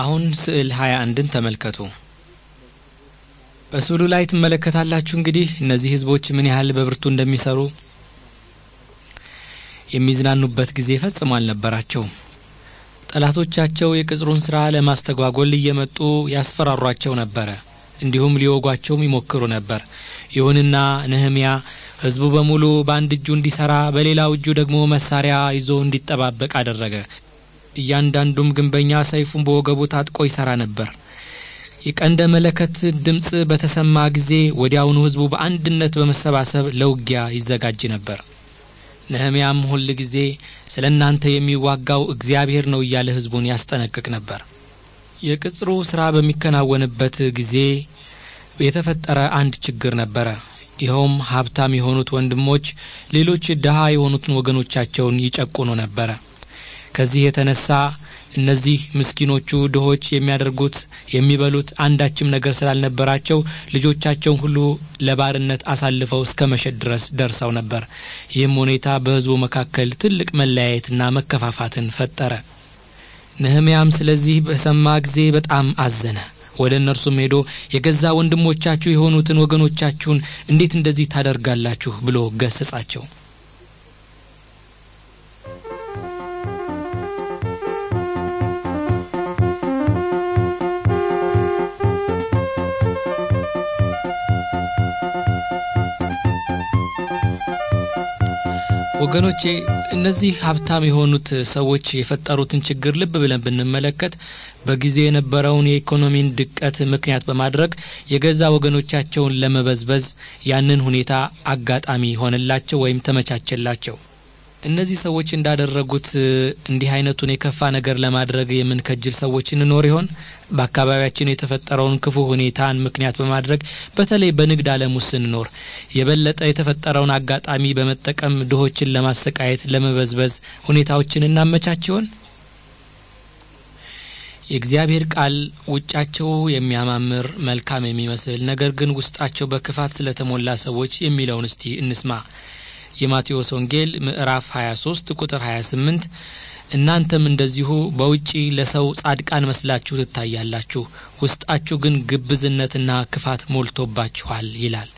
አሁን ስዕል ሀያ አንድን ተመልከቱ። በስዕሉ ላይ ትመለከታላችሁ እንግዲህ እነዚህ ህዝቦች ምን ያህል በብርቱ እንደሚሰሩ የሚዝናኑበት ጊዜ ፈጽሞ አልነበራቸውም። ጠላቶቻቸው የቅጽሩን ስራ ለማስተጓጎል እየመጡ ያስፈራሯቸው ነበረ። እንዲሁም ሊወጓቸውም ይሞክሩ ነበር። ይሁንና ነህምያ ህዝቡ በሙሉ በአንድ እጁ እንዲሰራ፣ በሌላው እጁ ደግሞ መሳሪያ ይዞ እንዲጠባበቅ አደረገ። እያንዳንዱም ግንበኛ ሰይፉን በወገቡ ታጥቆ ይሠራ ነበር። የቀንደ መለከት ድምፅ በተሰማ ጊዜ ወዲያውኑ ሕዝቡ በአንድነት በመሰባሰብ ለውጊያ ይዘጋጅ ነበር። ነህምያም ሁል ጊዜ ስለ እናንተ የሚዋጋው እግዚአብሔር ነው እያለ ሕዝቡን ያስጠነቅቅ ነበር። የቅጽሩ ሥራ በሚከናወንበት ጊዜ የተፈጠረ አንድ ችግር ነበረ። ይኸውም ሀብታም የሆኑት ወንድሞች ሌሎች ድሃ የሆኑትን ወገኖቻቸውን ይጨቁኑ ነበረ። ከዚህ የተነሳ እነዚህ ምስኪኖቹ ድሆች የሚያደርጉት የሚበሉት አንዳችም ነገር ስላልነበራቸው ልጆቻቸውን ሁሉ ለባርነት አሳልፈው እስከ መሸጥ ድረስ ደርሰው ነበር። ይህም ሁኔታ በሕዝቡ መካከል ትልቅ መለያየትና መከፋፋትን ፈጠረ። ነህምያም ስለዚህ በሰማ ጊዜ በጣም አዘነ። ወደ እነርሱም ሄዶ የገዛ ወንድሞቻችሁ የሆኑትን ወገኖቻችሁን እንዴት እንደዚህ ታደርጋላችሁ ብሎ ገሰጻቸው። ወገኖቼ እነዚህ ሀብታም የሆኑት ሰዎች የፈጠሩትን ችግር ልብ ብለን ብንመለከት በጊዜ የነበረውን የኢኮኖሚን ድቀት ምክንያት በማድረግ የገዛ ወገኖቻቸውን ለመበዝበዝ ያንን ሁኔታ አጋጣሚ ሆነላቸው ወይም ተመቻቸላቸው። እነዚህ ሰዎች እንዳደረጉት እንዲህ አይነቱን የከፋ ነገር ለማድረግ የምንከጅል ሰዎች እንኖር ይሆን? በአካባቢያችን የተፈጠረውን ክፉ ሁኔታን ምክንያት በማድረግ በተለይ በንግድ ዓለም ውስጥ ስንኖር የበለጠ የተፈጠረውን አጋጣሚ በመጠቀም ድሆችን ለማሰቃየት፣ ለመበዝበዝ ሁኔታዎችን እናመቻች ይሆን? የእግዚአብሔር ቃል ውጫቸው የሚያማምር መልካም የሚመስል ነገር ግን ውስጣቸው በክፋት ስለተሞላ ሰዎች የሚለውን እስቲ እንስማ። የማቴዎስ ወንጌል ምዕራፍ 23 ቁጥር 28 እናንተም እንደዚሁ በውጪ ለሰው ጻድቃን መስላችሁ ትታያላችሁ፣ ውስጣችሁ ግን ግብዝነትና ክፋት ሞልቶባችኋል ይላል።